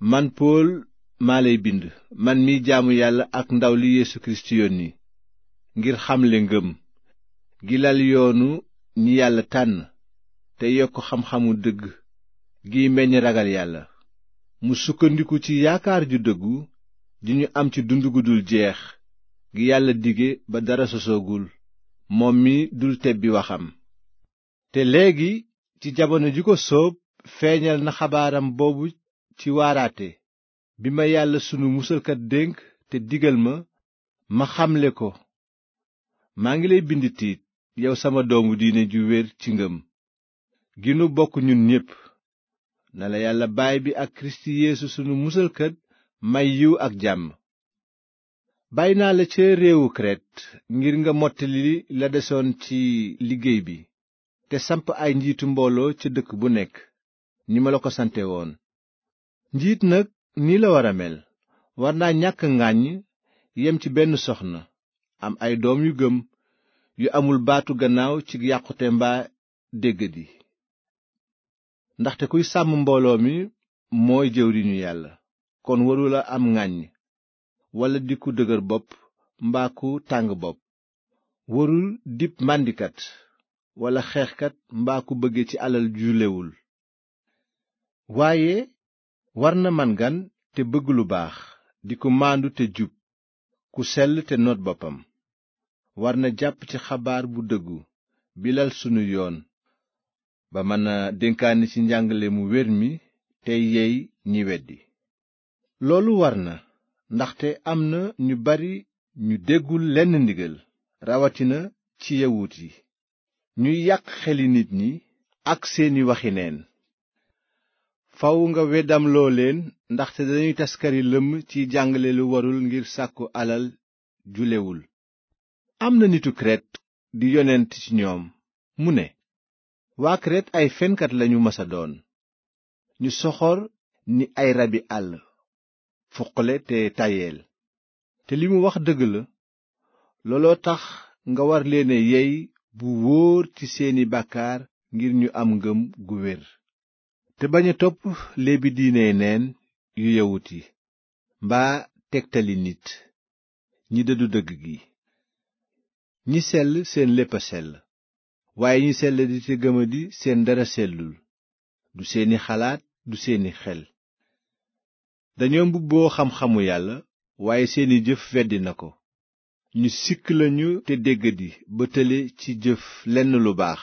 man Pool maa lay bind man miy jaamu yàlla ak ndaw li Yeesu Kirist yónni ngir xamle ngëm gi lal yoonu ñi yàlla tànn te yokk xam-xamu dëgg giy meññ ragal yàlla mu sukkandiku ci yaakaar ju dëggu ji ñu am ci dund gu dul jeex gi yàlla dige ba dara sosoogul moom mi dul tebbi waxam te léegi ci jamono ji ko soob feeñal na xabaaram boobu ci waaraate bi ma yàlla sunu musalkat dénk te digal ma ma xamle ko maa ngi lay bind tiit yow sama doomu diine ju wér ci ngëm gi nu bokk ñun ñépp na la yàlla baay bi ak kirist yeesu sunu musalkat may yiw ak jàmm bàyyi naa la ca réewu Kret ngir nga mottali la desoon ci liggéey bi te samp ay njiitu mbooloo ca dëkk bu nekk ñi ma la ko sante woon njiit nag nii la wara mel war na ñàkk ngàññ yem ci benn soxna am ay doom yu gëm yu amul baatu gannaaw ci yàqute mbaa déggadi ndaxte kuy sàmm mbooloo mi mooy jëwriñu yàlla kon warula am ngàññ walla dikku ku dëgër bopp mbaa ku tàng bopp warul dib màndikat walla xeexkat mbaa ku bëgge ci alal ju waaye war na man gan te bëgg lu baax di ku màndu te jub ku sell te noot boppam war na jàpp ci xabaar bu dëggu bilal sunu yoon ba mën a dénkaane ci njàngale mu wér mi tey yey ñi weddi loolu war na ndaxte am na ñu bari ñu déggul lenn ndigal rawatina ci yawut yi ñuy yàq xeli nit ñi ak seeni waxineen faw nga weddamloo leen ndaxte dañuy taskari lëmm ci jàngale lu warul ngir sàkku alal julewul am na nitu kret di yonent ci ñoom mu ne waa kret ay fenkat lañu masa doon ñu soxor ni ay rabi àll fuqale te te li mu wax dëgg la looloo tax nga war leen yey bu wóor ci seeni bàkkaar ngir ñu am ngëm gu wér te bañ a topp léebi diine neen yu yawut mbaa tegtali nit ñi dëddu dëgg gi ñi sell seen lépp a sell waaye ñi sell di te gëmadi seen dara sellul du seeni xalaat du seeni xel dañoo mbubboo xam-xamu yàlla waaye seeni jëf weddi na ko ñu sikk lañu te déggadi ba tële ci jëf lenn lu baax